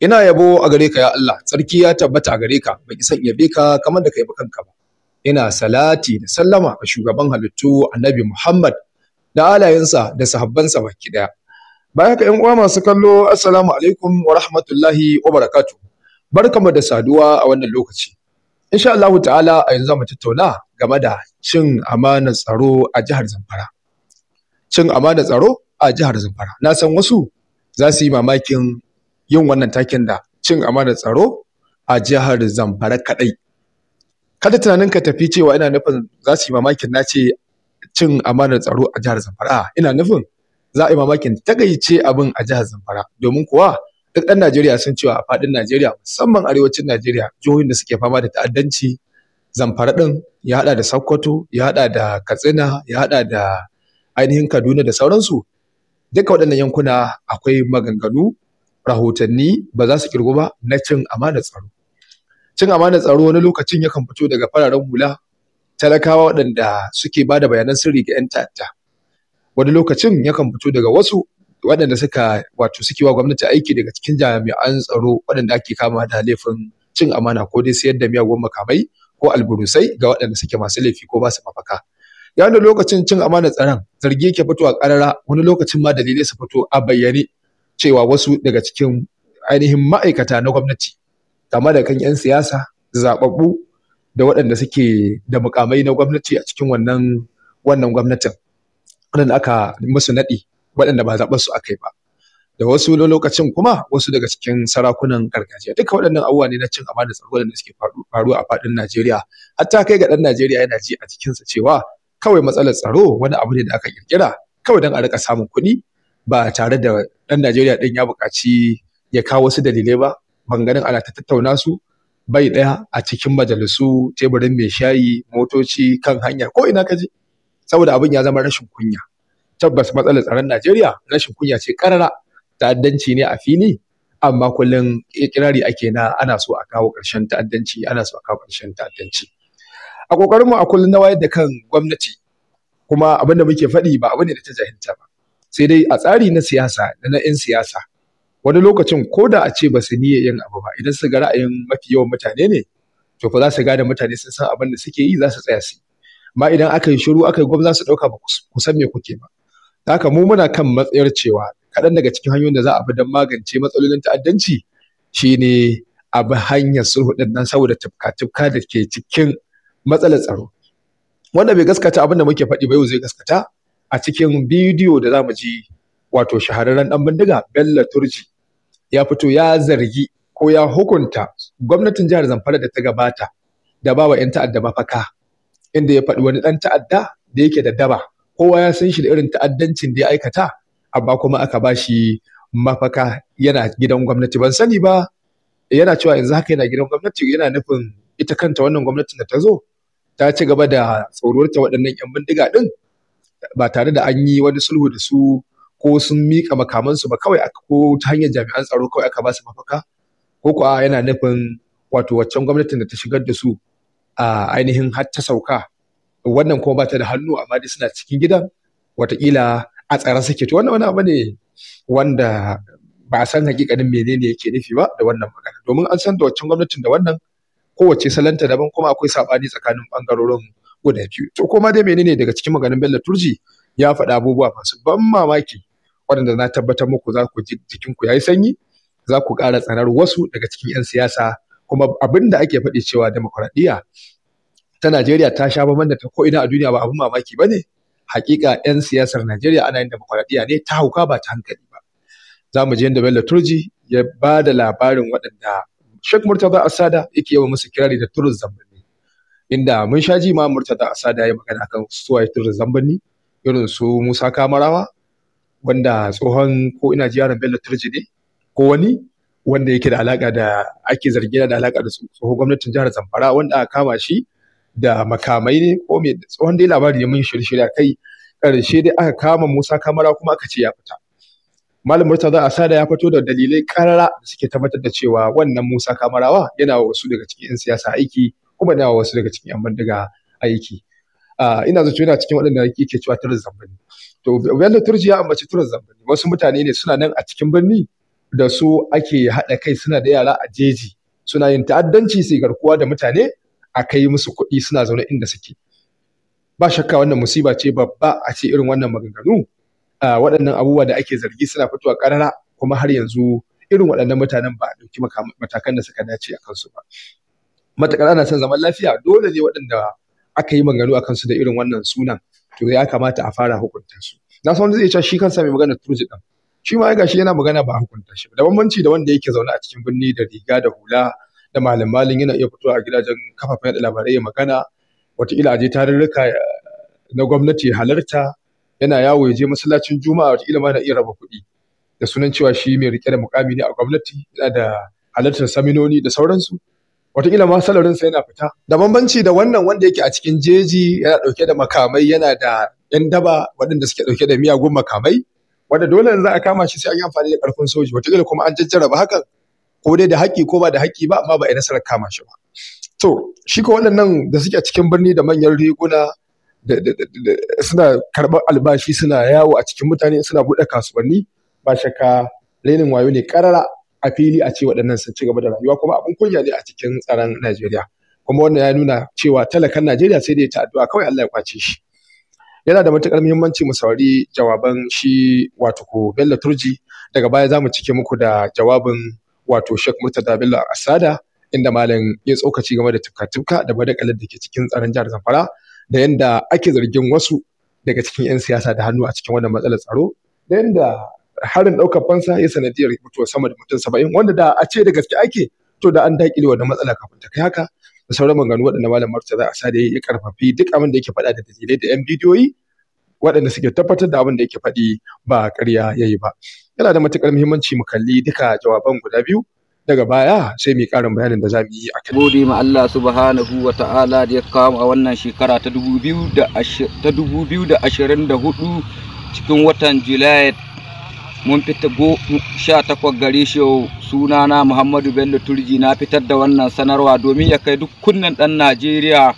ina yabo a gare ka ya Allah tsarki ya tabbata a gare ka ban ki yabe ka kamar da ka ba kanka ba ina salati da sallama ga shugaban halittu annabi Muhammad da alayensa da sahabbansa baki daya baya ka yan uwa masu kallo assalamu alaikum wa rahmatullahi wa barakatuh barkamu da saduwa a wannan lokaci insha Allah ta'ala a yanzu mu tattauna game da cin amanar tsaro a jihar Zamfara cin amanar tsaro a jihar Zamfara na san wasu za su yi mamakin yin wannan takin da cin amana tsaro a jihar Zamfara kaɗai. Kada tunanin ka tafi cewa ina nufin za su yi mamakin na ce cin amanar tsaro a jihar Zamfara. Ina nufin za a yi mamakin tagaice abin a jihar Zamfara domin kuwa duk ɗan Najeriya sun cewa a faɗin Najeriya musamman arewacin Najeriya jihohin da suke fama da ta'addanci Zamfara ɗin ya haɗa da Sokoto, ya haɗa da Katsina, ya haɗa da ainihin Kaduna da sauransu. Duka waɗannan yankuna akwai maganganu rahotanni ba za su kirgo ba na cin amana tsaro cin amana tsaro wani lokacin yakan fito daga fararen hula talakawa waɗanda suke ba da bayanan sirri ga 'yan ta'adda wani lokacin yakan fito daga wasu waɗanda suka wato suke wa gwamnati aiki daga cikin jami'an tsaro waɗanda ake kama da laifin cin amana ko dai sayar da miyagun makamai ko alburusai ga waɗanda suke masu laifi ko ba su mafaka ya da lokacin cin amana tsaron zargi ke fito a ƙarara wani lokacin ma dalilai su fito a bayyane cewa wasu daga cikin ainihin ma'aikata na gwamnati kama da kan 'yan siyasa zaɓaɓɓu da waɗanda suke da mukamai na gwamnati a cikin wannan wannan gwamnatin waɗanda aka musu naɗi waɗanda ba zaɓar su aka yi ba da wasu lokacin kuma wasu daga cikin sarakunan gargajiya duka waɗannan abubuwa ne na cin amana tsaro waɗanda suke faruwa a faɗin Najeriya hatta kai ga ɗan Najeriya yana ji a jikinsa cewa kawai matsalar tsaro wani abu ne da aka kirkira kawai don a rika samun kuɗi ba tare da ɗan Najeriya ɗin ya buƙaci ya kawo wasu dalilai ba ganin ana ta tattauna su bai ɗaya a cikin majalisu teburin mai shayi motoci kan hanya ko ina ka je? saboda abin ya zama rashin kunya tabbas matsalar tsaron Najeriya rashin kunya ce karara ta'addanci ne a fili amma kullum ƙirari ake na ana so a kawo ƙarshen ta'addanci ana so a kawo ƙarshen ta'addanci a ƙoƙarinmu a kullum na wayar da kan gwamnati kuma abin da muke faɗi ba abin da ta jahilta ba sai dai a tsari na siyasa da na 'yan siyasa wani lokacin ko da a ce ba su niyya yin abu ba idan su ga ra'ayin mafi yawan mutane ne to fa za su gane mutane sun san abin da suke yi za su tsaya su Ma idan aka yi shiru aka yi gwamna, za su ɗauka ba ku san me kuke ba haka mu muna kan matsayar cewa kaɗan daga cikin hanyoyin da za a bi don magance matsalolin ta'addanci shine a bi hanyar sulhu ɗin nan saboda tufka-tufka da ke cikin matsalar tsaro wanda bai gaskata abin da muke faɗi ba yau zai gaskata a cikin bidiyo da zamu ji wato shahararren dan bindiga Bello Turji ya fito ya zargi ko ya hukunta gwamnatin jihar Zamfara da ta gabata da bawa 'yan ta'adda mafaka inda ya faɗi wani ɗan ta'adda da yake da daba kowa ya san shi da irin ta'addancin da ya aikata amma kuma aka ba shi mafaka yana gidan gwamnati ban sani ba yana cewa yanzu haka yana gidan gwamnati yana nufin ita kanta wannan gwamnatin da ta zo ta ci gaba da tsoruwarta waɗannan 'yan bindiga ɗin ba tare da an yi wani sulhu da su ko sun mika makamansu ba kawai ko ta hanyar jami'an tsaro kawai aka ba su mafaka ko kuwa yana nufin wato waccan gwamnatin da ta shigar da su a ainihin har ta sauka wannan kuma ba ta da hannu amma dai suna cikin gidan watakila a tsaron suke to wannan wani abu ne wanda ba a san hakikanin menene yake nufi ba da wannan magana domin an san da waccan gwamnatin da wannan kowace salanta daban kuma akwai sabani tsakanin bangarorin guda biyu to kuma dai menene daga cikin maganin Bello Turji ya faɗa abubuwa masu ban mamaki waɗanda na tabbatar muku za ku ji jikinku yi sanyi za ku ƙara tsanar wasu daga cikin 'yan siyasa kuma abin da ake faɗi cewa demokuraɗiyya ta Najeriya ta sha bamban da ta ko'ina a duniya ba abin mamaki ba ne hakika 'yan siyasar Najeriya ana yin demokuraɗiyya ne ta hauka ba ta hankali ba za mu je yadda Bello Turji ya ba da labarin waɗanda Sheikh Murtaza Asada yake yawan musu kirari da turun zambani inda mun sha ji ma murtada asada ya magana kan suwaye da zambanni irin su musa kamarawa wanda tsohon ko ina ji yaran bello turji ne ko wani wanda yake da alaka da ake zargi da alaka da tsohon gwamnatin jihar zamfara wanda aka kama shi da makamai ne ko me tsohon dai labari ne mun shirye shirye kai karshe dai aka kama musa Kamarawa kuma aka ce ya fita malam murtaza asada ya fito da dalilai karara da suke tabbatar da cewa wannan musa kamarawa yana wasu daga cikin 'yan siyasa aiki kuma da wasu daga cikin yan bandiga aiki ina zato yana cikin waɗanda yake cewa turar zambani to bello turji ya ambaci turar zambani wasu mutane ne suna nan a cikin birni da su ake haɗa kai suna da yara a jeji suna yin ta'addanci sai garkuwa da mutane a kai musu kuɗi suna zaune inda suke ba shakka wannan musiba ce babba a ce irin wannan maganganu waɗannan abubuwa da ake zargi suna fitowa ƙarara kuma har yanzu irin waɗannan mutanen ba a ɗauki matakan da suka dace a kansu ba matakar ana son zaman lafiya dole ne waɗanda aka yi maganganu a kansu da irin wannan sunan to ya kamata a fara hukunta su na san wanda zai ce shi kansa mai magana turji din shi ma ga shi yana magana ba hukunta shi da bambanci da wanda yake zaune a cikin birni da riga da hula da malam malin yana iya fito a gidajen kafafen yaɗa labarai ya magana wataƙila a je tarurruka eh, na gwamnati halarta yana yawo ya je masallacin juma'a wataƙila ma na iya raba kuɗi da sunan cewa shi mai rike da mukami ne a gwamnati yana da halartar saminoni da sauransu wataƙila ma salarinsa yana fita da bambanci da wannan wanda yake a cikin jeji yana ɗauke da makamai yana da yan daba waɗanda suke ɗauke da miyagun makamai wanda dole za a kama shi sai an yi amfani da ƙarfin soji wataƙila kuma an jajjaraba hakan ko dai da haƙƙi ko ba da haƙƙi ba amma ba a nasarar kama shi ba to shi ko waɗannan da suke a cikin birni da manyan riguna da da da da suna karɓar albashi suna yawo a cikin mutane suna buɗe kasuwanni ba shakka renin wayo ne ƙarara a fili a ce waɗannan sun ci gaba da rayuwa kuma abin kunya ne a cikin tsaron Najeriya kuma wannan ya nuna cewa talakan Najeriya sai da ta addu'a kawai Allah ya kwace shi yana da matukar muhimmanci mu saurari jawaban shi wato ko Bello Turji daga baya zamu cike muku da jawabin wato Sheikh Murtada Bello Asada inda malam ya ci game da tukatuka tufka da madakalar da ke cikin tsaron jihar Zamfara da yadda ake zargin wasu daga cikin 'yan siyasa da hannu a cikin wannan matsalar tsaro da yanda harin ɗaukar fansa ya sanadiyar mutuwar sama da mutum saba'in wanda da a ce da gaske ake to da an daƙile wannan matsala kafin ta kai haka da sauran maganganu waɗanda malam sa da ya karfafi duk abin da yake faɗa da dalilai da yan bidiyoyi waɗanda suke tabbatar da abin da yake faɗi ba ƙarya ya yi ba. Yana da matuƙar muhimmanci mu kalli duka jawaban guda biyu daga baya sai mu karin ƙarin bayanin da za mu yi a kan. Gode ma Allah subhanahu wa ta'ala da ya kawo a wannan shekara ta 2024 cikin watan Julai mun fita sha takwas gare shi sunana muhammadu bello turji na fitar da wannan sanarwa domin ya kai duk kunnen ɗan najeriya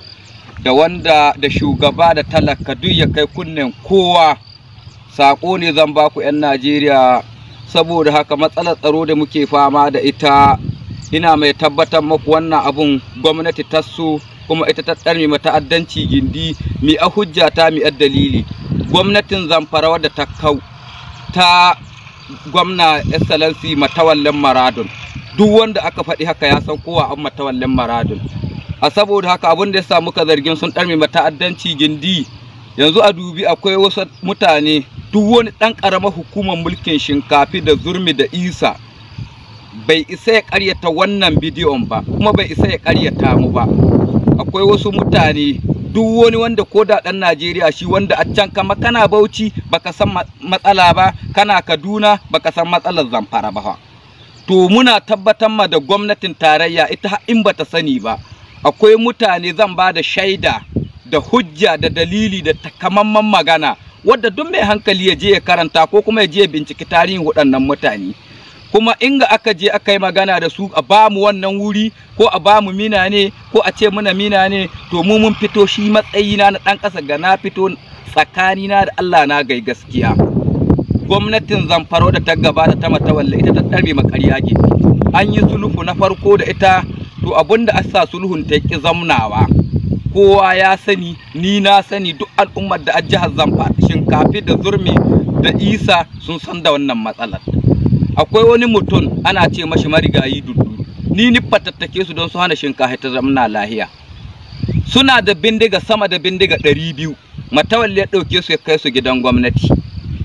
da wanda da shugaba da talaka duk ya kai kunnen kowa Sako ne zan ba ku 'yan najeriya saboda haka matsalar tsaro da muke fama da ita ina mai tabbatar maku wannan abun gwamnati ta so kuma ita ta tsarmi ta'addanci gindi mi a hujja ta mi a dalili gwamnatin zamfara wadda ta kau ta gwamna excellency matawallin maradun duk wanda aka faɗi haka ya san kowa an matawallin maradun a saboda haka abin da ya samu ka zargin sun ɗarme mata'addanci gindi yanzu a dubi akwai wasu mutane duk wani ɗan ƙaramar hukumar mulkin shinkafi da zurmi da isa bai isa ya ƙaryata wannan bidiyon ba kuma bai isa ya ƙaryata mu ba akwai wasu mutane duk wani wanda ko da ɗan Najeriya shi wanda a can kama kana Bauchi baka san matsala ba kana Kaduna baka san matsalar Zamfara ba to muna tabbatar ma da gwamnatin tarayya ita in bata sani ba akwai mutane zan ba da shaida da hujja da dalili da takamamman magana wadda duk mai hankali ya je ya karanta ko kuma ya je ya binciki tarihin waɗannan mutane kuma inga aka je aka yi magana da su a ba mu wannan wuri ko a ba mu mina ne ko a ce muna mina ne to mu mun fito shi matsayina na ɗan ƙasa ga na fito tsakanina da Allah na gai gaskiya gwamnatin zamfaro da ta gabata ta matawalla ita ta ɗarbe makarya ke an yi sulhu na farko da ita to abinda asa sulhun ta ki zamnawa kowa ya sani ni na sani duk al'ummar da a jihar shinkafi da zurmi da isa sun san da wannan matsalar akwai wani mutum ana ce mashi marigayi dudu ni ni fatattake su don su hana shinka ta zamna lahiya suna da bindiga sama da bindiga ɗari biyu matawalli ya ɗauke su ya kai su gidan gwamnati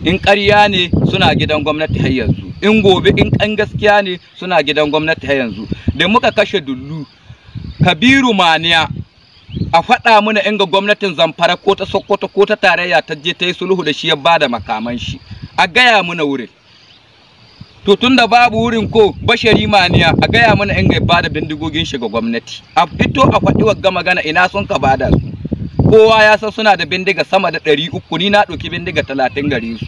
in ƙarya ne suna gidan gwamnati har yanzu in gobe in ƙan gaskiya ne suna gidan gwamnati har yanzu da muka kashe dullu kabiru maniya a faɗa mana inga gwamnatin zamfara ko ta sokoto ko ta tarayya ta je ta yi sulhu da shi ya bada makaman a gaya mana wurin to da babu wurin ko bashari maniya a gaya mana in ga da bindigogin shi ga gwamnati a fito a faɗi wagga magana ina sun ka bada su kowa ya san suna da bindiga sama da ɗari uku ni na ɗauki bindiga talatin gare su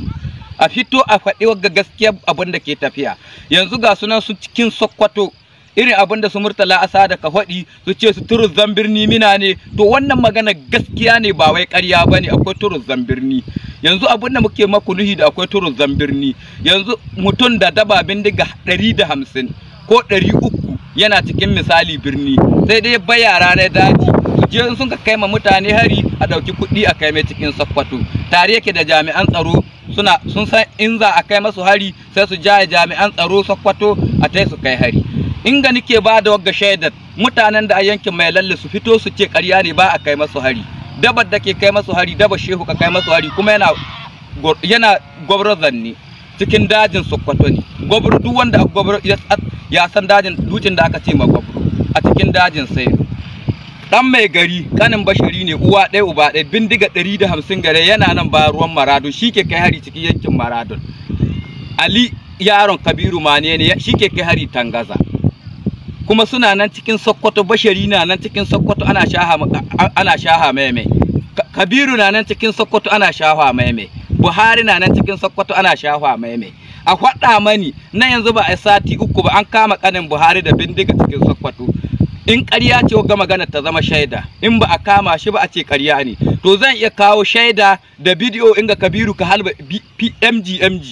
a fito a faɗi wagga gaskiya abin da ke tafiya yanzu ga sunan su cikin sokoto irin abin da su murtala asa da kahwaɗi su ce su turu birni mina ne to wannan magana gaskiya ne ba wai karya ba ne akwai turu birni yanzu abin da muke maku nuhi da akwai turu birni yanzu mutum da daba bindiga ɗari da hamsin ko ɗari uku yana cikin misali birni sai dai bayara na daji su je sun ka kai ma mutane hari a ɗauki kuɗi a kai mai cikin sakwato. tare yake da jami'an tsaro suna sun san in za a kai masu hari sai su jaya jami'an tsaro sakwato a tai su kai hari inga nike ba da wagga shaidar mutanen da a yankin mai lalle su fito su ce ƙarya ne ba a kai masu hari dabar da ke kai masu hari daba shehu ka kai masu hari kuma yana yana gwabro zanni cikin dajin sokoto ne gwabro duk wanda a gwabro ya san dajin dutsen da aka ce ma gwabro a cikin dajin sai dan mai gari kanin bashari ne uwa ɗaya uba ɗaya bindiga ɗari da hamsin gare yana nan ba ruwan maradun shi ke kai hari cikin yankin maradun ali yaron kabiru mane ne shi ke kai hari tangaza kuma suna nan cikin sokoto bashari na nan cikin sokoto ana shaha ana shaha meme kabiru na nan cikin sokoto ana shaha meme buhari na nan cikin sokoto ana shaha meme a faɗa mani na yanzu ba a sati uku ba an kama kanin buhari da bindiga cikin sokoto in ƙarya ce ga magana ta zama shaida in ba a kama shi ba a ce ƙarya ne to zan iya kawo shaida da bidiyo inga kabiru ka halba mg mg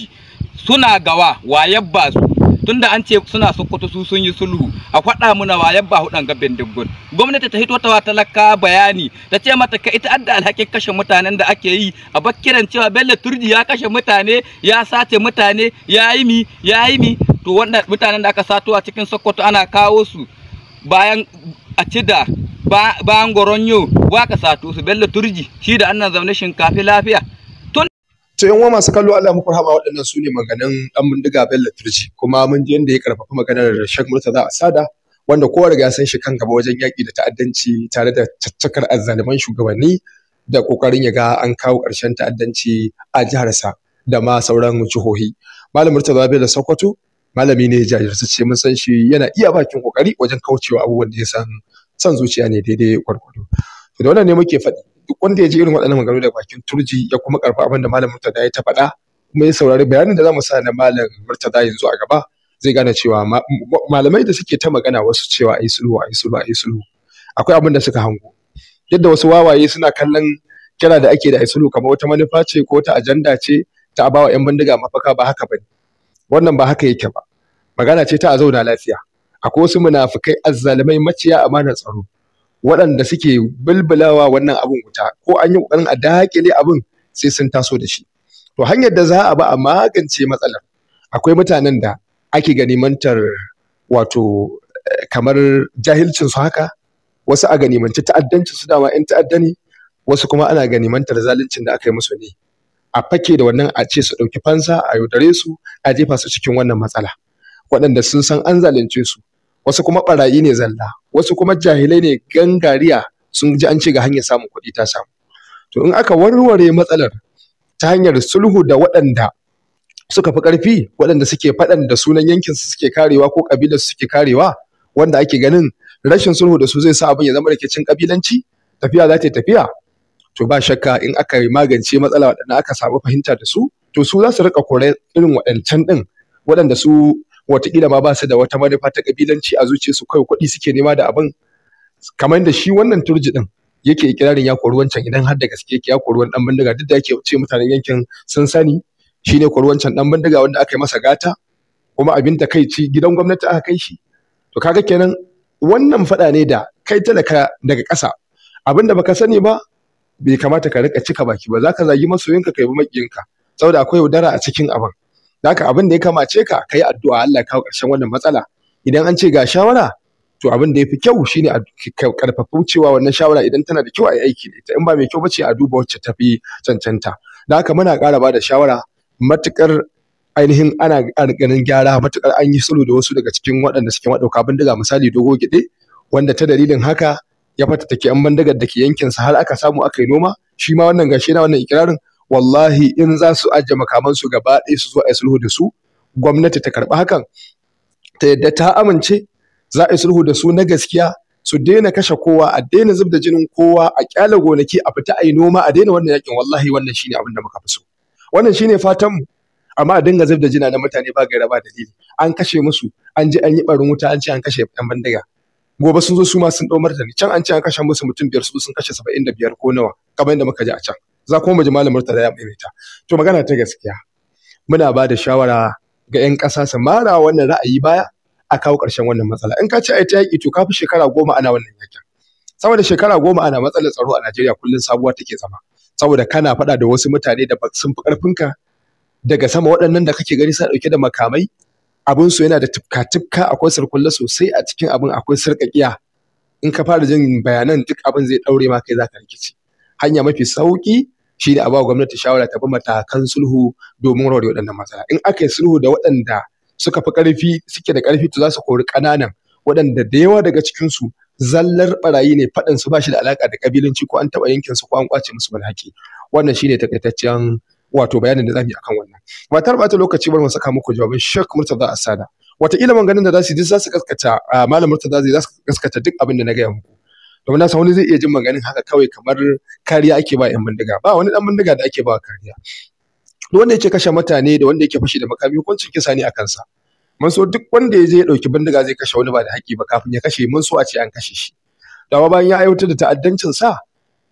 suna gawa wa yabba su tunda an ce suna sokoto su sun yi sulhu a faɗa muna wa yabba hudan ga bindigun gwamnati ta hito ta talaka bayani ta ce mata ka ita adda alhakin kashe mutanen da ake yi a bakiran cewa bello turji ya kashe mutane ya sace mutane ya yi mi ya yi mi to wannan mutanen da aka sato a cikin sokoto ana kawo su bayan a cida bayan goronyo waka sato su bello turji shi da annan zaune shinkafi lafiya to yan uwa masu kallo Allah muku rahama waɗannan su ne maganin ɗan bindiga Bello Turji kuma mun ji yanda ya karfafa maganar Sheikh Murtaza Asada wanda kowa riga san shi kan gaba wajen yaƙi da ta'addanci tare da caccakar azzaliman shugabanni da kokarin ya ga an kawo ƙarshen ta'addanci a jihar sa, da ma sauran jihohi. Malam Murtaza Bello Sokoto malami ne ce, mun san shi yana iya bakin kokari wajen kaucewa abubuwan da ya san son zuciya ne daidai gwargwado. Da wannan ne muke faɗi duk wanda ya ji irin waɗannan maganganu da bakin turji ya kuma karfa abin da malam Murtada ya ta faɗa kuma ya saurari bayanin da zamu sa na malam Murtala yanzu a gaba zai gane cewa malamai da suke ta magana wasu cewa ai sulhu ai sulhu ai sulhu akwai abin da suka hango yadda wasu wawaye suna kallon kira da ake da ai sulhu kamar wata manufa ce ko ta ajanda ce ta abawa yan bindiga mafaka ba haka bane wannan ba haka yake ba magana ce ta a zauna lafiya akwai wasu munafukai azzalumai maciya amanar tsaro waɗanda suke bilbilawa wannan abin wuta ko an yi ƙoƙarin a daƙile abin sai sun taso da shi to hanyar da za a ba a magance matsalar akwai mutanen da ake gani mantar wato eh, kamar jahilcin haka wasu a ganimanci ta'addanci su dama yan ta'adda ne wasu kuma ana ganimantar zaluncin da aka yi musu ne a fake da wannan a ce su ɗauki fansa a yaudare su a jefa su cikin wannan matsala waɗanda sun san an zalunce su wasu kuma ɓarayi ne zalla wasu kuma jahilai ne gangariya sun ji an ce ga hanyar samun kuɗi ta samu to in aka warware matsalar ta hanyar sulhu da waɗanda suka fi ƙarfi waɗanda suke faɗan da sunan yankin su suke karewa ko ƙabilar su suke karewa wanda ake ganin rashin sulhu da su zai sa abin ya zama rikicin ƙabilanci tafiya za ta tafiya to ba shakka in aka magance matsala waɗanda aka samu fahimta da su to su za su riƙa kure irin waɗancan ɗin waɗanda su wataƙila ma ba su da wata manufa ta kabilanci a su kai kuɗi suke nema da abin kamar da shi wannan turji din yake ikirarin ya kori wancan idan har da gaske yake ya kori wani dan bindiga duk da yake ce mutanen yankin sun sani shine kori wancan dan bindiga wanda aka yi masa gata kuma abin da kai ci gidan gwamnati aka kai shi to kaga kenan wannan faɗa ne da kai talaka daga ƙasa abin da baka sani ba bai kamata ka rika cika baki ba zaka zagi masoyinka kai bi makiyinka saboda akwai yaudara a cikin abin da haka abin da ya kamace ka kai addu'a Allah ya kawo ƙarshen wannan matsala idan an ce ga shawara to abin da ya fi kyau shine a ƙarfafa cewa wannan shawara idan tana da kyau a yi aiki da ita in ba mai kyau ba ce a duba wacce ta fi cancanta da haka muna ƙara ba da shawara matuƙar ainihin ana ganin gyara matuƙar an yi sulhu da wasu daga cikin waɗanda suke maɗauka bindiga misali dogo gide wanda ta dalilin haka ya fata take an bandagar da ke yankinsa har aka samu aka yi noma shi ma wannan gashi na wannan ikirarin wallahi in za su ajiye makamansu gaba ɗaya su zo a yi sulhu da su gwamnati ta karɓi hakan ta yadda ta amince za a yi sulhu da su na gaskiya su daina kashe kowa a daina zub da jinin kowa a kyale gonaki a fita a yi noma a daina wannan yakin wallahi wannan shine abin da muka fi so wannan shine fatan mu amma a dinga zub da jina na mutane ba gaira ba dalili an kashe musu an ji an yi barin wuta an ce an kashe yan bandiga gobe sun zo su ma sun da martani can an ce an kashe musu mutum biyar su sun kashe saba'in da biyar ko nawa kamar yadda muka ji a can za kuma mu ji ta Murtala ya ita. to magana ta gaskiya muna ba da shawara ga 'yan ƙasa su mara wannan ra'ayi baya a kawo ƙarshen wannan matsala in ka ci ai ta yaƙi to ka fi shekara goma ana wannan yakin saboda shekara goma ana matsalar tsaro a Najeriya kullum sabuwa take zama saboda kana faɗa da wasu mutane da sun fi ƙarfinka daga sama waɗannan da kake gani sa ɗauke da makamai abin su yana da tifka-tifka akwai sarkulla sosai a cikin abin akwai sarƙaƙiya in ka fara jin bayanan duk abin zai daure ma kai za ka rikici hanya mafi sauƙi shi ne a ba gwamnati shawara ta bi matakan sulhu domin warware waɗannan matsala in aka yi sulhu da waɗanda suka fi ƙarfi suke da ƙarfi to za su kori ƙananan waɗanda da yawa daga cikinsu zallar barayi ne faɗan su ba shi da alaƙa da ƙabilanci ko an taɓa yankin su ko an ƙwace musu malhaki wannan shine takaitaccen wato bayanin da zamu yi akan wannan matar ta lokaci bar mu saka muku jawabin Sheikh Murtaza Asada wataƙila ganin da za su ji za su kaskata malam Murtaza zai za kaskata duk abin da na gaya muku domin na wani zai iya jin maganin haka kawai kamar kariya ake ba yan bindiga ba wani dan bindiga da ake ba kariya duk wanda yake kashe mutane da wanda yake fushi da makami hukuncin kisa ne a kansa mun so duk wanda ya je ya dauki bindiga zai kashe wani ba da haƙƙi ba kafin ya kashe mun so a ce an kashe shi dama bayan ya aiwatar da ta'addancin sa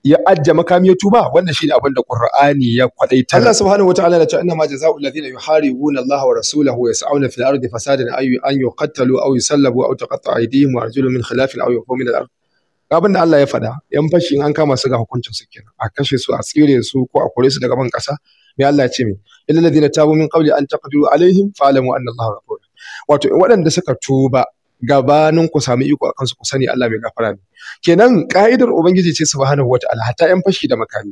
ya ajja makami ya tuba wannan shine abin da Qur'ani ya kwadaita Allah subhanahu wataala ya ce inna ma jazaa'u alladhina yuharibuna Allah wa rasulahu yas'auna fil ardi fasadan ay an yuqattalu aw yusallabu aw taqatta'a aydihim wa arjuluhum min khilafin aw yuqamu min al-ard abin da Allah ya faɗa yan fashi in an kama su ga hukuncin su kenan a kashe su a tsire su ko a kore su daga ban ƙasa me Allah ya ce me. illal ladina tabu min qabli an taqdiru alaihim fa'lamu anna Allah ghafur wato waɗanda suka tuba gabanin ku sami iko akan su ku sani Allah mai gafara ne kenan ka'idar ubangiji ce subhanahu wata'ala hatta yan fashi da makami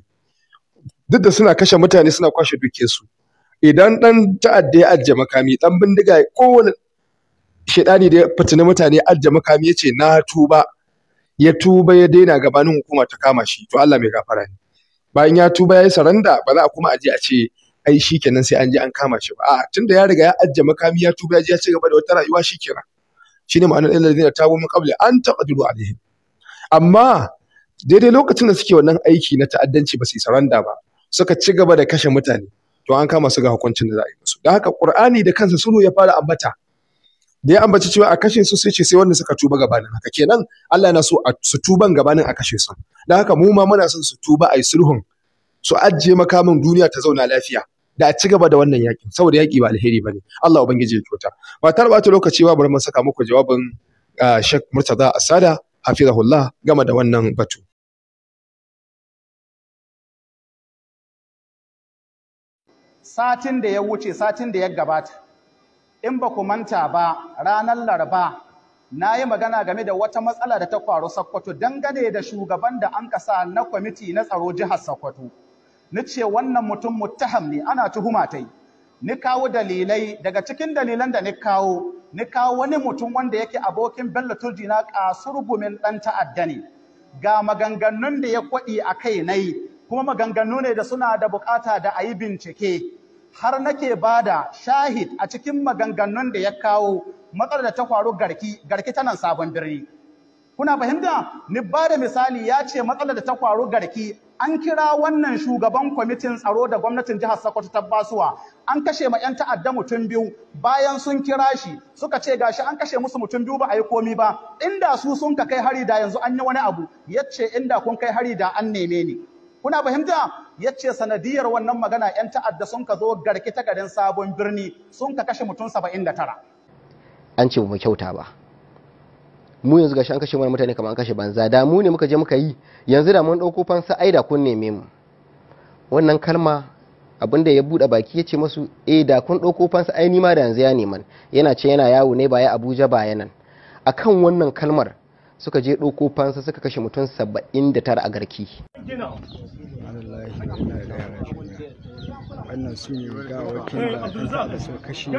duk da suna kashe mutane suna kwashe duke su idan dan ta'adda ya ajje makami dan bindiga kowane shedani da ya fitina mutane ajje makami yace na tuba ya tuba ya daina gabanin hukuma ta kama shi to Allah mai gafara ne bayan ya tuba yayi saranda ba za a kuma aje a ce ai shikenan sai an je an kama shi ba a tunda ya riga ya ajje makami ya tuba ya je ya ci gaba da wata rayuwa shi shikenan shine ma'anar da ta min qabli an taqdiru alaihim amma daidai lokacin da suke wannan aiki na ta'addanci ba su yi saranda ba suka ci gaba da kashe mutane to an kama su ga hukuncin da za a yi musu don haka qur'ani da kansa suru ya fara ambata da ya ambaci cewa a kashe su sai ce sai wanda suka tuba gabanin haka kenan Allah yana so su tuban gabanin a kashe su dan haka mu ma muna son su tuba ai sulhun su ajiye makamin duniya ta zauna lafiya da a ci gaba da wannan yakin saboda yaki ba alheri bane Allah ubangiji ya kyauta ba ta bata lokaci ba bari mun saka muku jawabin Sheikh Murtaza Asada hafizahullah gama da wannan batu satin da ya wuce satin da ya gabata in ba ku manta ba ranar laraba na yi magana game da wata matsala da ta faru Sokoto dangane da shugaban da an kasa na kwamiti na tsaro jihar Sokoto. Ni ce wannan mutum muttaham ne ana tuhuma ta yi. Ni kawo dalilai daga cikin dalilan da ni kawo, ni kawo wani mutum wanda yake abokin Bello Turji na kasurgumin ɗan ta'adda ne. Ga maganganun da ya kwaɗi a kai na yi, kuma maganganu ne da suna da bukata da a yi bincike. har nake bada shahid a cikin maganganun da ya kawo matsalar da ta faru garki garki ta nan sabon birni kuna fahimta ni da misali ya ce matsalar da ta faru garki an kira wannan shugaban kwamitin tsaro da gwamnatin jihar Sokoto ta basuwa an kashe ma yan ta'adda mutum biyu bayan sun kira shi suka ce gashi an kashe musu mutum biyu ba a yi komi ba inda su sun ka kai hari da yanzu an yi wani abu yace inda kun kai hari da an neme ni kuna fahimta yace sanadiyar wannan magana yan ta'adda sun ka zo garki ta garin sabon birni sun ka kashe mutum 79 an ce mu kyauta ba mu yanzu gashi an kashe mana mutane kamar an kashe banza da mu ne muka je muka yi yanzu da mun dauko fansa ai da kun neme mu wannan kalma abin da ya bude baki ya ce masu eh da kun fansa ai nima da yanzu ya neman yana ce yana yawo ne baya abuja ba yanan akan wannan kalmar suka je ɗauko fansa suka kashe mutum 79 da tara a garki wannan su da aka so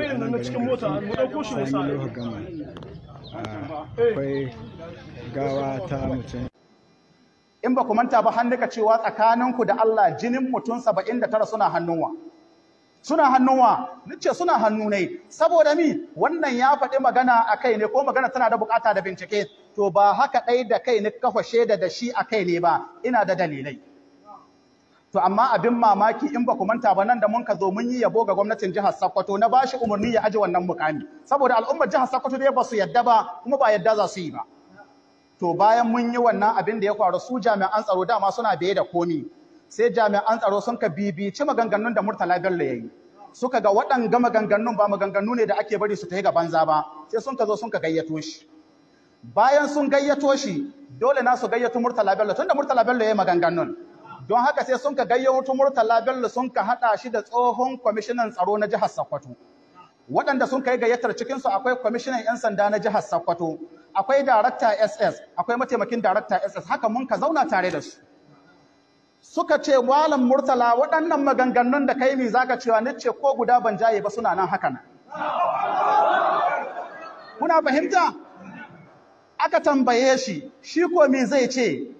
gama ah, akwai gawa ta mutum in ba ku manta ba hannuka cewa tsakaninku da Allah jinin mutum saba'in da tara suna hannunwa suna hannunwa nace suna hannu ne saboda mi wannan ya faɗi magana a kai ne ko magana tana da bukata da bincike to ba haka ɗai da kai ne kafa da shi a kai ne ba ina da dalilai To amma abin mamaki in ba ku manta ba nan da mun ka zo mun yi yabo ga gwamnatin jihar Sokoto na ba shi umarni ya aje wannan mukami saboda al'ummar jihar Sokoto dai ba su yadda ba kuma ba yadda za su yi ba. To bayan mun yi wannan abin da ya faru su jami'an tsaro dama suna biye da komi sai jami'an tsaro sun ka bibici maganganun da Murtala Bello ya yi. Suka ga waɗanga maganganun ba maganganu ne da ake bari su ta yi ga banza ba sai sun ka zo sun ka gayyato shi. Bayan sun gayyato shi dole na su gayyato Murtala Bello tunda Murtala Bello ya yi maganganun. don haka sai sun ka wata Murtala Bello sun ka haɗa shi da tsohon kwamishinan tsaro na jihar Sokoto waɗanda sun kai gayyatar cikin su akwai kwamishinan 'yan sanda na jihar Sokoto akwai darakta SS akwai mataimakin darakta SS haka mun ka zauna tare da su suka ce malam Murtala waɗannan maganganun da kai mi zaka cewa ni ce ko guda ban jaye ba suna nan haka kuna fahimta aka tambaye shi shi ko me zai ce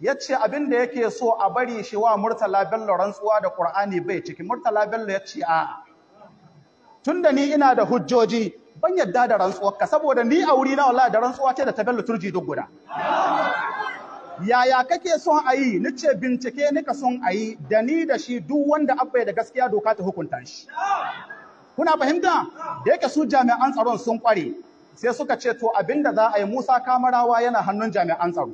yace abin da yake so a bari shi wa Murtala Bello rantsuwa da Qur'ani bai ciki Murtala Bello yace a tunda ni ina da hujjoji ban yadda da rantsuwarka saboda ni a wuri na wallahi da rantsuwa ce da ta Bello turji duk guda yaya kake son a yi nice bincike nika son a yi da ni da shi duk wanda abba da gaskiya doka ta hukunta shi kuna fahimta da yake su jami'an tsaron sun kware sai suka ce to abinda za a yi Musa Kamarawa yana hannun jami'an tsaro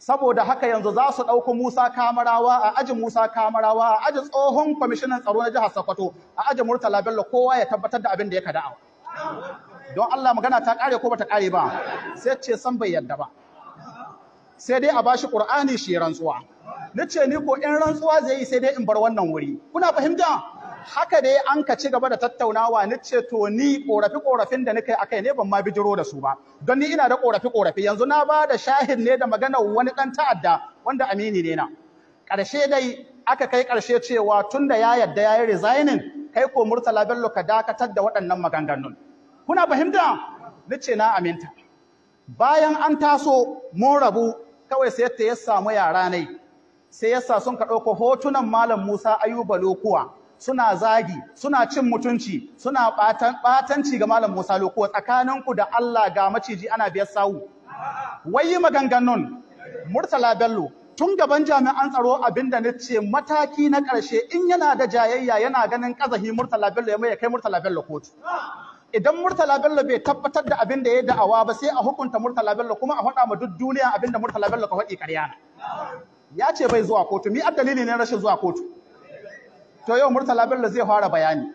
saboda haka yanzu za su ɗauko Musa Kamarawa a ajin Musa Kamarawa a ajin tsohon kwamishinan tsaro na jihar Sokoto a ajin Murtala Bello kowa ya tabbatar da abin da ya ka awa. don Allah magana ta ƙare ko bata ƙare ba sai ce san bai yadda ba sai dai a bashi ƙur'ani shi rantsuwa Ni ce ni ko in rantsuwa zai yi sai dai in bar wannan wuri kuna fahimta haka dai an ka ci gaba da tattaunawa ni ce to ni korafi korafin da nake akai ne ban ma bijiro da su ba don ni ina da korafi korafi yanzu na ba da shahid ne da maganar wani dan ta'adda wanda amini ne na ƙarshe dai aka kai ƙarshe cewa tunda ya yadda ya yi resigning kai ko Murtala Bello ka dakatar da waɗannan maganganun kuna fahimta ni ce na aminta bayan an taso mun rabu kawai sai ta ya samu yara ne sai yasa sun ka ɗauko hotunan Malam Musa Ayuba Lokuwa suna zagi suna cin mutunci suna batanci ga malam Musa Loko tsakaninku da Allah ga maciji ana biyar sawu wayi maganganun Murtala Bello tun gaban jami'an tsaro abinda na ce mataki na ƙarshe in yana da jayayya yana ganin ƙazahi Murtala Bello ya mai kai Murtala Bello kotu idan Murtala Bello bai tabbatar da abin da ya da'awa ba sai a hukunta Murtala Bello kuma a faɗa ma duk duniya abinda da Murtala Bello ka faɗi ƙarya ya ce bai zuwa kotu mi dalili ne rashin zuwa kotu to yau murtala bello zai fara bayani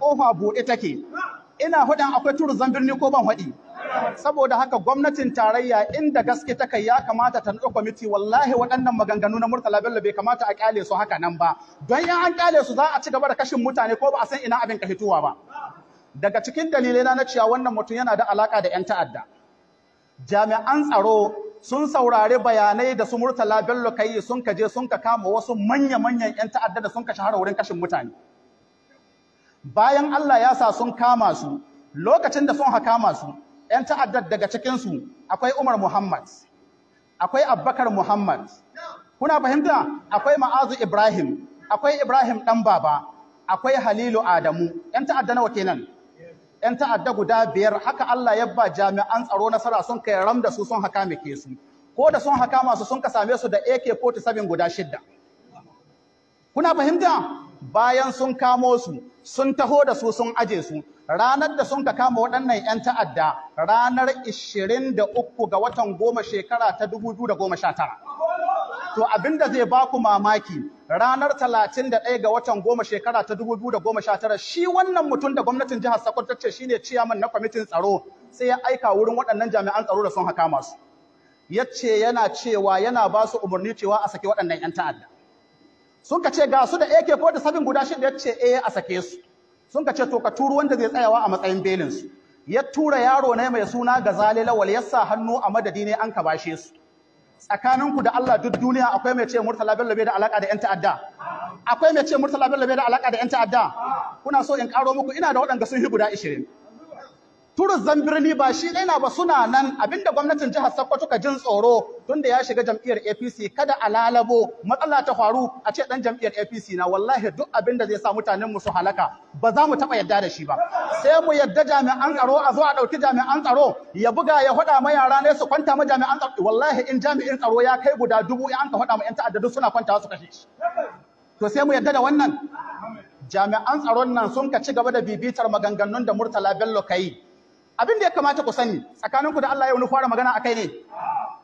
kofa buɗe take ina hudan akwai turzan birni ko ban haɗi saboda haka gwamnatin tarayya inda gaske ta kai ya kamata ta nada kwamiti wallahi waɗannan maganganu na Murtala Bello bai kamata a kyale su haka nan ba don in an kyale su za a ci gaba da kashin mutane ko ba a san ina abin ka ba daga cikin dalilai na na cewa wannan mutum yana da alaka da 'yan ta'adda jami'an tsaro sun saurari bayanai da su murtala bello kai sun kaje sun ka kama wasu manya-manyan 'yan ta'adda da sun ka shahara wurin kashin mutane bayan Allah ya sa sun kama su lokacin da sun kama su 'yan ta'adda daga cikinsu akwai Umar Muhammad akwai Abubakar Muhammad kuna fahimta akwai Ma'azu Ibrahim akwai Ibrahim ɗan baba akwai Halilu Adamu 'yan ta'adda nawa kenan 'yan ta'adda guda biyar haka Allah ya ba jami'an tsaro nasara sun kai ram da su sun haka ke su ko da sun haka masu sun ka same su da AK47 guda shidda kuna fahimta bayan sun kamo su sun taho da su sun aje su ranar da sun ka kama waɗannan 'yan ta'adda ranar 23 ga watan goma shekara ta 2019 to da zai ba ku mamaki ranar 31 ga watan goma shekara ta 2019 shi wannan mutum da gwamnatin jihar Sokoto ta ce shine ciyaman na kwamitin tsaro sai ya aika wurin waɗannan jami'an tsaro da sun haka masu yace yana cewa yana ba su umarni cewa a sake waɗannan 'yan ta'adda suka ce ga su da AK 47 sabin guda shida yace eh a sake su suka ce to ka turu wanda zai tsayawa a matsayin belin su ya tura yaro ne mai suna Gazali Lawal ya hannu a madadi ne an ka bashe su tsakaninku da Allah duk duniya akwai mai ce Murtala Bello bai da alaka da yan ta'adda akwai mai ce Murtala Bello bai da alaka da yan ta'adda kuna so in karo muku ina da waɗanda sun hi guda 20 turus birni ba shi ɗaya ba suna nan abinda gwamnatin jihar Sokoto ka jin tsoro tunda ya shiga jam'iyyar APC kada a lalabo matsala ta faru a ce dan jam'iyyar APC na wallahi duk abinda zai sa mutanen mu su halaka ba za mu taɓa yadda da shi ba sai mu yadda jami'an tsaro a zo a ɗauki jami'an tsaro ya buga ya hoda ma yara ne su kwanta ma jami'an tsaro wallahi in jami'in tsaro ya kai guda dubu in an ka hoda ma yan ta'adda duk suna kwanta su kashe shi to sai mu yadda da wannan jami'an tsaron nan sun ka ci gaba da bibitar maganganun da Murtala Bello kai abin da ya kamata ku sani tsakaninku da Allah ya wani fara magana akai ne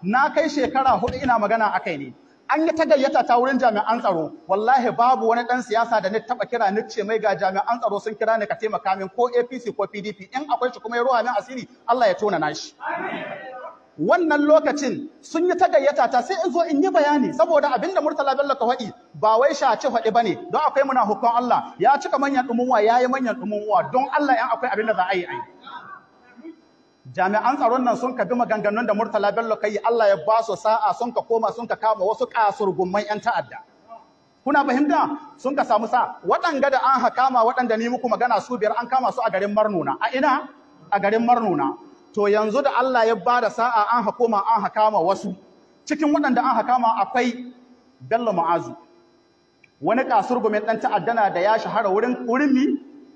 na kai shekara hudu ina magana akai ne an yi ta gayyata ta wurin jami'an tsaro wallahi babu wani dan siyasa da ni taba kira ni ce mai ga jami'an tsaro sun kira ni ka taimaka min ko APC ko PDP in akwai shi kuma ya ruwa min asiri Allah ya tona nashi wannan lokacin sun yi ta gayyata ta sai in zo in yi bayani saboda abinda Murtala Bello ka faɗi ba wai sha ci faɗi bane don akwai muna hukun Allah ya cika manyan dumuwa yayi manyan dumuwa don Allah in akwai abinda za a yi ai jami'an tsaron nan sun ka bi maganganun da Murtala Bello kai Allah ya ba su sa'a sun ka koma sun ka kama wasu gumman yan ta'adda kuna fahimta sun ka samu sa waɗanga da an hakama waɗanda ni muku magana su biyar an kama su a garin Marnuna a ina a garin Marnuna to yanzu da Allah ya ba da sa'a an hakoma an hakama wasu cikin waɗanda an hakama akwai Bello Ma'azu wani gumman ɗan ta'addana da ya shahara wurin wurin mi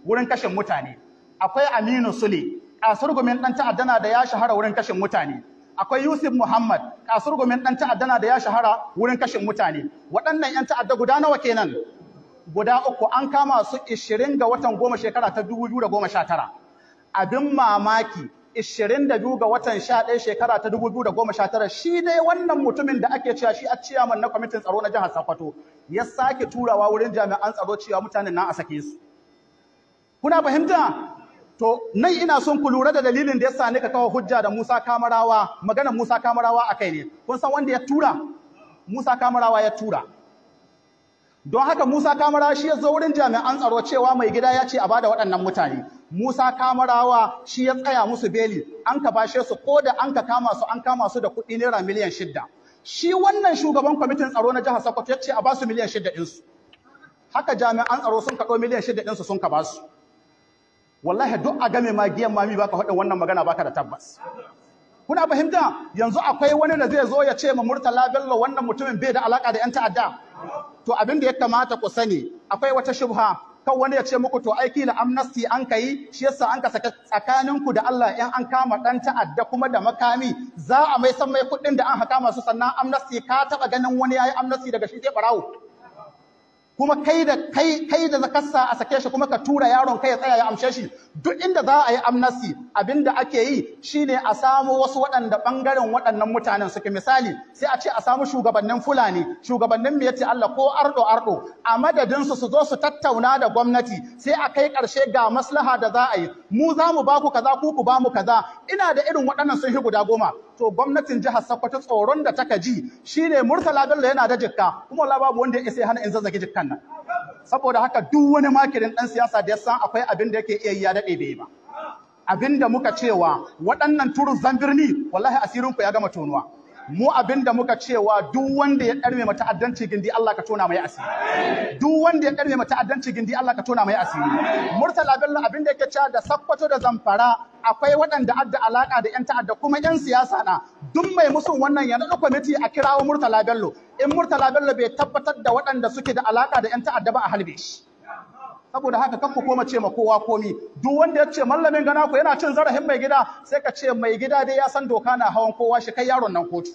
wurin kashin mutane akwai Aminu Sule kasar gumin ɗan ta'addana da ya shahara wurin kashin mutane akwai Yusuf Muhammad kasar gumin ɗan ta'addana da ya shahara wurin kashin mutane waɗannan yan ta'adda guda nawa kenan guda uku an kama su 20 ga watan goma shekara ta 2019 abin mamaki 22 ga watan 11 shekara ta 2019 shi dai wannan mutumin da ake cewa shi a ciyaman na kwamitin tsaro na jihar Sokoto ya sake turawa wurin jami'an tsaro cewa mutanen nan a sake su kuna fahimta To, nan ina son ku lura da dalilin da ya sa ka kawo hujja da Musa Kamarawa, maganar Musa Kamarawa a kai ne. Kun san wanda ya tura? Musa Kamarawa ya tura. Don haka Musa Kamarawa shi ya zo wurin jami'an tsaro cewa mai gida ya ce a bada waɗannan mutane. Musa Kamarawa shi ya tsaya musu beli, an ka bashe su ko da an ka kama su an kama su da kuɗi naira miliyan shidda. Shi wannan shugaban kwamitin tsaro na jihar Sokoto ya ce a ba su miliyan shidda ɗinsu. Haka jami'an tsaro sun kaɗo miliyan shidda ɗinsu sun ka ba su. wallahi duk a game ma giyan mami baka faɗin wannan magana baka da tabbas kuna fahimta yanzu akwai wani da zai zo ya ce ma murtala bello wannan mutumin bai da alaka da yan ta'adda to abin da ya kamata ku sani akwai wata shubha kan wani ya ce muku to aiki la amnesty an kai shi yasa an ka saka tsakaninku da Allah in an kama dan ta'adda kuma da makami za a mai san mai kuɗin da an haka masu sannan amnesty ka taɓa ganin wani yayi amnesty daga shi zai barawo kuma kai da kai kai da zakarsa a sake shi kuma ka tura yaron kai ya tsaya ya amshe shi duk inda za a yi amnasi abinda ake yi shine a samu wasu waɗanda bangaren waɗannan mutanen suke misali sai a ce a samu shugabannin fulani shugabannin yace Allah ko ardo ardo a madadin su su zo su tattauna da gwamnati sai a kai karshe ga maslaha da za a yi mu za mu ba ku kaza ku ku ba mu kaza ina da irin waɗannan sun hi guda goma to gwamnatin jihar Sokoto tsoron da taka ji shine Murtala Bello yana da jikka kuma wallahi babu wanda ya isa hana in zazzage jikkan nan saboda haka duk wani makirin dan siyasa da ya san akwai abin da yake iya yi ya dade bai ba Abinda muka cewa waɗannan turu zambirni wallahi asirin ku ya gama tonuwa mu abinda muka cewa duk wanda ya darme mata addanci gindi Allah ka tona mai asiri duk wanda ya darme mata addanci gindi Allah ka tona mai asiri murtala bello abinda yake cewa da sakkwato da zamfara akwai waɗanda adda alaka da yan ta'adda kuma yan siyasa na duk mai musu wannan ya da kwamiti a kirawo murtala bello in murtala bello bai tabbatar da waɗanda suke da alaka da yan ta'adda ba a halbe shi saboda haka kanku ku koma ce ma kowa komi duk wanda ya ce mallamin gana ku yana cin zarafin mai gida sai ka ce mai gida dai ya san doka na hawan kowa shi kai yaron nan kotu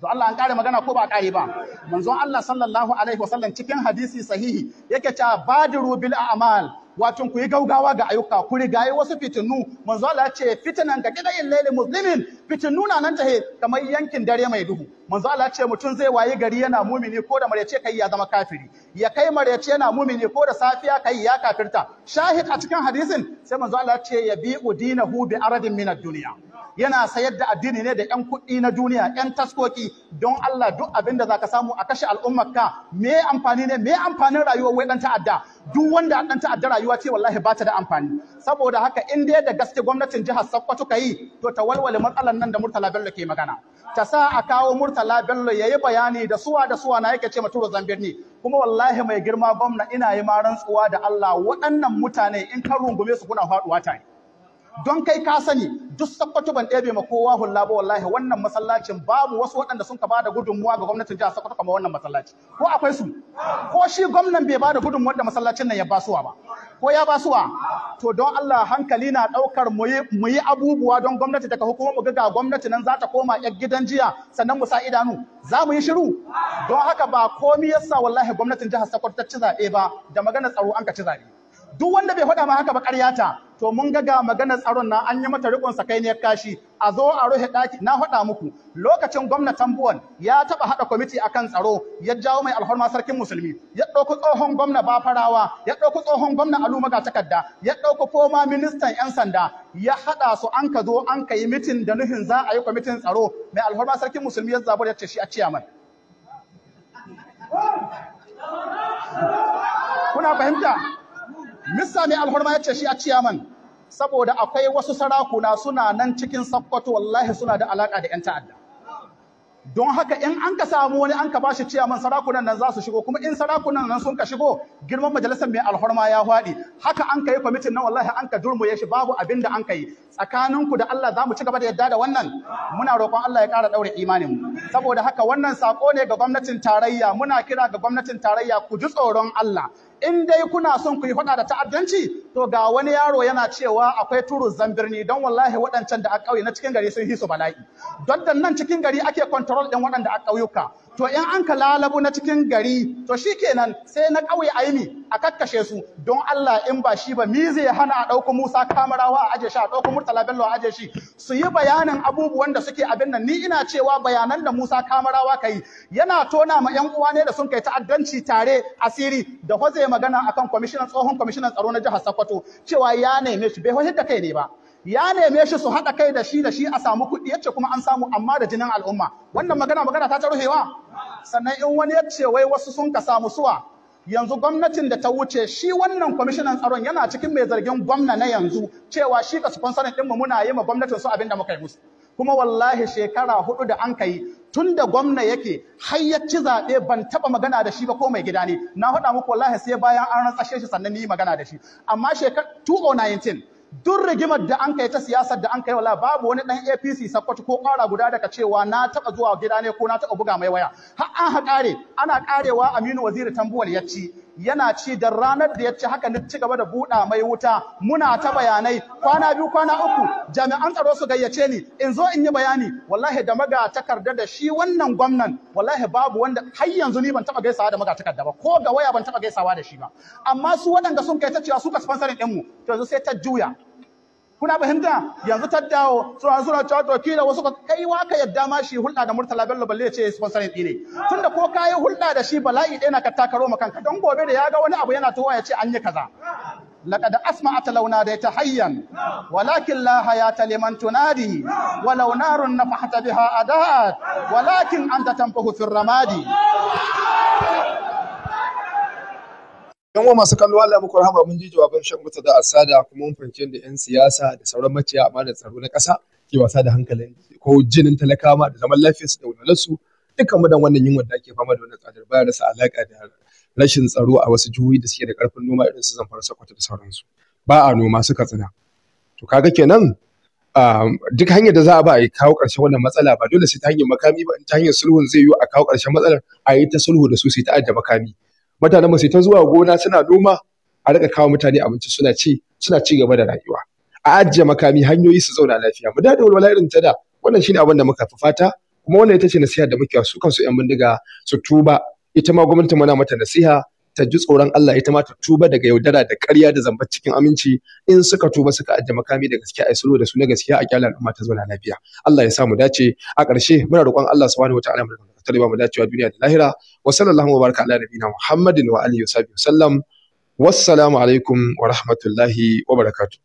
to Allah an kare magana ko ba kare ba manzon Allah sallallahu alaihi wasallam cikin hadisi sahihi yake cewa badiru bil a'mal wato ku yi gaugawa ga ayyuka ku riga yi wasu fitinu manzo Allah ya ce fitinan ga kidayin lailin muslimin fitinu na nan tahe kamar yankin dare mai duhu manzo Allah ce mutum zai wayi gari yana mumini ko da maryace kai ya zama kafiri ya kai maryace yana mumini ko da safiya kai ya kafirta shahid a cikin hadisin sai manzo Allah ce ya bi udinahu bi aradin min ad-dunya yana sayar da addini ne da yan kuɗi na duniya yan taskoki don Allah duk abin da zaka samu a kashe ka. me amfani ne me amfanin rayuwar wai dan ta'adda duk wanda dan ta'adda rayuwa ce wallahi ba ta da amfani saboda haka in dai da gaske gwamnatin jihar Sokoto kai to ta walwale matsalan nan da Murtala Bello ke magana ta sa a kawo Murtala Bello ya yi bayani da suwa da suwa na yake ce maturo zan birni kuma wallahi mai girma gwamna ina yi ma rantsuwa da Allah waɗannan mutane in ka rungume su kuna faɗuwa tare don kai ka sani duk Sokoto ban ɗebe ma kowa hulla ba wallahi wannan masallacin babu wasu waɗanda sun ka bada gudunmuwa ga gwamnatin jihar Sokoto kamar wannan masallaci ko akwai su ko shi gwamnan bai ba da gudunmuwa da masallacin nan ya basuwa ba ko ya basuwa to don Allah hankali na ɗaukar mu yi abubuwa don gwamnati daga hukumar mu ga gwamnati nan za ta koma yar gidan jiya sannan mu sa idanu za mu yi shiru don haka ba komi yasa wallahi gwamnatin jihar Sokoto ta ci zaɓe ba da magana tsaro an ka ci zaɓe duk wanda bai faɗa ma haka ba ƙarya ta to mun ga ga maganar tsaron na an yi mata rikon sakainiyar kashi a zo a rufe daki na faɗa muku lokacin gwamnatin buwan ya taɓa haɗa kwamiti akan tsaro ya jawo mai alhorma sarkin musulmi ya ɗauki tsohon gwamna bafarawa ya ɗauki tsohon gwamna aluma ga takarda ya ɗauki foma ministan 'yan sanda ya haɗa su an ka zo an ka yi mitin da nuhin za a yi kwamitin tsaro mai alhorma sarkin musulmi ya zabar ya ce shi a ciyaman. Kuna fahimta? Misa mai alhurma ya ce shi a ciyaman saboda akwai wasu sarakuna suna nan cikin sakkwato wallahi suna da alaƙa da 'yan ta'adda. Don haka in an ka samu wani an ka ba shi ciyaman sarakunan nan za su shigo kuma in sarakunan nan sun ka shigo girman majalisar mai alhorma ya faɗi haka an ka yi kwamitin nan wallahi an ka ya shi babu abin da an ka yi tsakaninku da Allah za mu ci gaba da yadda da wannan muna roƙon Allah ya ƙara ɗaure imaninmu saboda haka wannan saƙo ne ga gwamnatin tarayya muna kira ga gwamnatin tarayya ku ji tsoron Allah in dai kuna son ku yi faɗa da ta'addanci to ga wani yaro yana cewa akwai turu birni don wallahi waɗancan da a ƙauye na cikin gari sun hiso bala'i don da nan cikin gari ake control ɗin waɗanda a ƙauyuka to in an ka lalabu na cikin gari to shi kenan sai na kauye aini a kakkashe su don Allah in ba shi ba mi zai hana a ɗauko Musa kamarawa a aje shi a ɗauko Murtala Bello a aje shi su yi bayanin abubuwan da suke abin nan ni ina cewa bayanan da Musa kamarawa kai yana tona ma ƴan uwa ne da sun kai ta'addanci tare asiri da hoze magana akan kwamishinan tsohon kwamishinan tsaro na jihar Sokoto cewa ya neme shi bai hohid da kai ne ba ya neme shi su haɗa kai da shi da shi a samu kuɗi yace kuma an samu amma da jinin al'umma wannan magana magana ta ta wa? sannan in wani yace wai wasu sun ka samu suwa yanzu gwamnatin da ta wuce shi wannan kwamishinan tsaron yana cikin mai zargin gwamna na yanzu cewa shi ka sponsorin ɗinmu muna yi ma gwamnatin su abin da muka yi musu kuma wallahi shekara hudu da an kai tun da gwamna yake har ya ci zaɓe ban taɓa magana da shi ba ko mai gida ne na faɗa muku wallahi sai bayan an rantsashe shi sannan ni magana da shi amma shekara 2019 duk rigimar da an kai ta siyasar da an kai wala babu wani ɗan APC sakkwato ko ƙara guda daga cewa na taɓa zuwa gida ne ko na taɓa buga mai waya har haƙare ana ƙarewa Aminu Waziri Tambuwal ya ci yana ci da ranar da ya ci haka ci gaba da buɗa mai wuta muna ta bayanai kwana biyu kwana uku jami'an tsaro su gayyace ni in zo in yi bayani wallahi da maga takarda da shi wannan gwamnan wallahi babu wanda har yanzu ni ban taɓa gaisawa da maga takarda ba ko ga waya ban taɓa gaisawa da shi ba amma su waɗanda sun kai ta cewa su ka sponsorin mu? to yanzu sai ta juya kuna fahimta yanzu ta dawo suna suna cewa to kila wasu kai wa ka yadda ma shi hulɗa da Murtala Bello balle ce sponsorin ɗi ne tunda ko ka yi hulɗa da shi bala'i ɗaya na ka takaro ma kanka don gobe da ya ga wani abu yana tuwa ya ce an yi kaza لقد أسمعت لونا da حيا ولكن لا حياة لمن تنادي ولو نار نفحت biha أداءت ولكن أنت تنفه في ramadi. yan uwa masu kallo Allah muku rahama mun ji jawaban shan guta da asada kuma mun fahimci da yan siyasa da sauran maciya amma da tsaro na ƙasa ke wasa da hankalin ko jinin talakawa da zaman su da su dukkan mu dan wannan yunwar da ake fama da wannan tsadar baya rasa alaka da rashin tsaro a wasu jihohi da suke da karfin noma irin su zamfara sokoto da sauransu ba a noma suka tsina to kaga kenan ah, duk hanyar da za a ba a kawo ƙarshen wannan matsala ba dole sai ta hanyar makami ba in ta hanyar sulhun zai yiwu a kawo ƙarshen matsalar a yi ta sulhu da su sai ta adda makami mutanen mu su ta zuwa gona suna noma a rika kawo mutane abinci suna ci suna ci gaba da rayuwa a ajiye makami hanyoyi su zauna lafiya mu dade walwala irin ta da wannan shine abin da muka fi fata kuma wannan ita ce nasiha da muke su kansu yan bindiga su tuba ita ma gwamnati na mata nasiha ta ji tsoron Allah ita ma ta tuba daga yaudara da ƙarya da zamba cikin aminci in suka tuba suka ajiye makami da gaskiya ai sulhu da su na gaskiya a kyala al'umma ta zauna lafiya Allah ya sa mu dace a ƙarshe muna roƙon Allah subhanahu wataala mu ta ba mu dacewa duniya da lahira wa sallallahu wa baraka ala nabiyina Muhammadin wa alihi wa sallam wassalamu alaikum wa rahmatullahi wa barakatuh